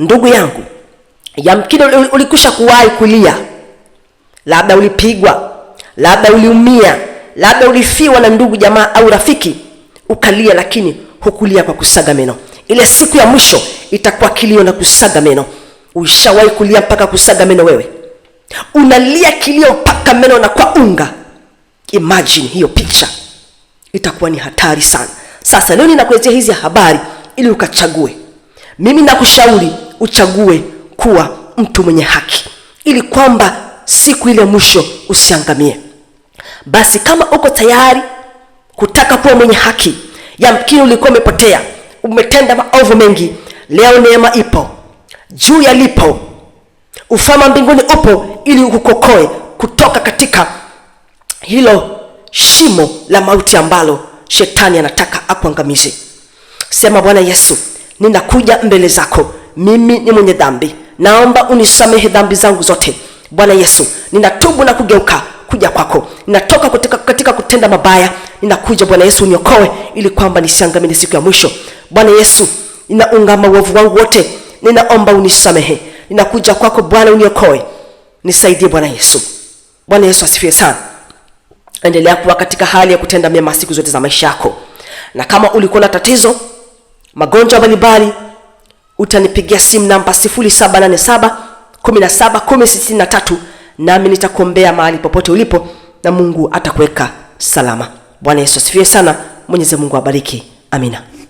ndugu yangu, yamkini ulikusha kuwahi kulia, labda ulipigwa, labda uliumia, labda ulifiwa na ndugu jamaa au rafiki ukalia, lakini hukulia kwa kusaga meno. Ile siku ya mwisho itakuwa kilio na kusaga meno. Ushawahi kulia mpaka kusaga meno? Wewe unalia kilio mpaka meno na kwa unga. Imagine hiyo picha, itakuwa ni hatari sana. Sasa leo ninakuletea hizi habari ili ukachague. Mimi nakushauri uchague kuwa mtu mwenye haki, ili kwamba siku ile mwisho usiangamie. Basi kama uko tayari kutaka kuwa mwenye haki, yamkini ulikuwa umepotea, umetenda maovu mengi, leo neema ipo juu yalipo, ufama mbinguni upo, ili ukukokoe kutoka katika hilo shimo la mauti ambalo shetani anataka akuangamize. Sema, Bwana Yesu, ninakuja mbele zako mimi ni mwenye dhambi, naomba unisamehe dhambi zangu zote. Bwana Yesu, ninatubu na kugeuka kuja kwako, ninatoka kutika, katika kutenda mabaya, ninakuja Bwana Yesu uniokoe, ili kwamba nisiangamie siku ya mwisho. Bwana Yesu, ninaungama uovu wangu wote, ninaomba unisamehe, ninakuja kwako Bwana uniokoe, nisaidie Bwana Yesu. Bwana Yesu asifiwe sana. Endelea kuwa katika hali ya kutenda mema siku zote za maisha yako, na kama ulikuwa na tatizo, magonjwa mbalimbali utanipigia simu namba 0787 nami nitakuombea mahali popote ulipo na Mungu atakuweka salama. Bwana Yesu asifiwe sana. Mwenyezi Mungu awabariki. Amina.